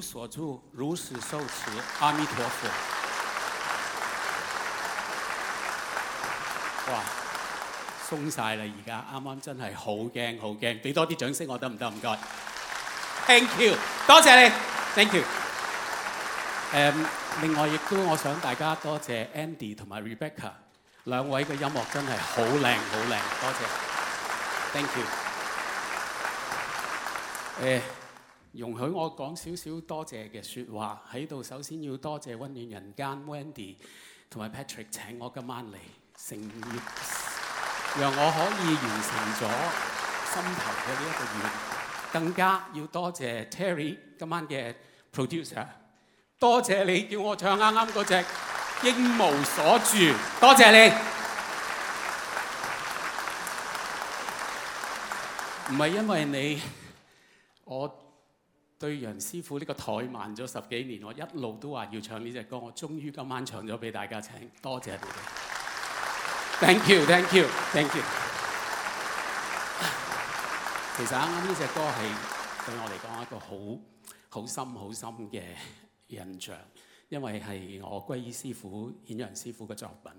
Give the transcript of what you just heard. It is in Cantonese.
所住如是受持，阿彌陀佛。哇，鬆晒喇而家，啱啱真係好驚好驚，俾多啲掌聲我得唔得？唔該，Thank you，多謝你。Thank you。誒，另外亦都我想大家多謝 Andy 同埋 Rebecca 兩位嘅音樂真係好靚好靚，多謝。Thank you。誒。容許我講少少多謝嘅說話喺度，首先要多謝溫暖人間 Wendy 同埋 Patrick 請我今晚嚟，成讓我可以完成咗心頭嘅呢一個願，更加要多謝 Terry 今晚嘅 producer，多謝你叫我唱啱啱嗰隻《應無所住》，多謝你，唔係因為你，我。對楊師傅呢個怠慢咗十幾年，我一路都話要唱呢隻歌，我終於今晚唱咗俾大家聽，多謝你哋。Thank you, thank you, thank you。其實啱啱，呢隻歌係對我嚟講一個好好深、好深嘅印象，因為係我歸依師傅、衍陽師傅嘅作品。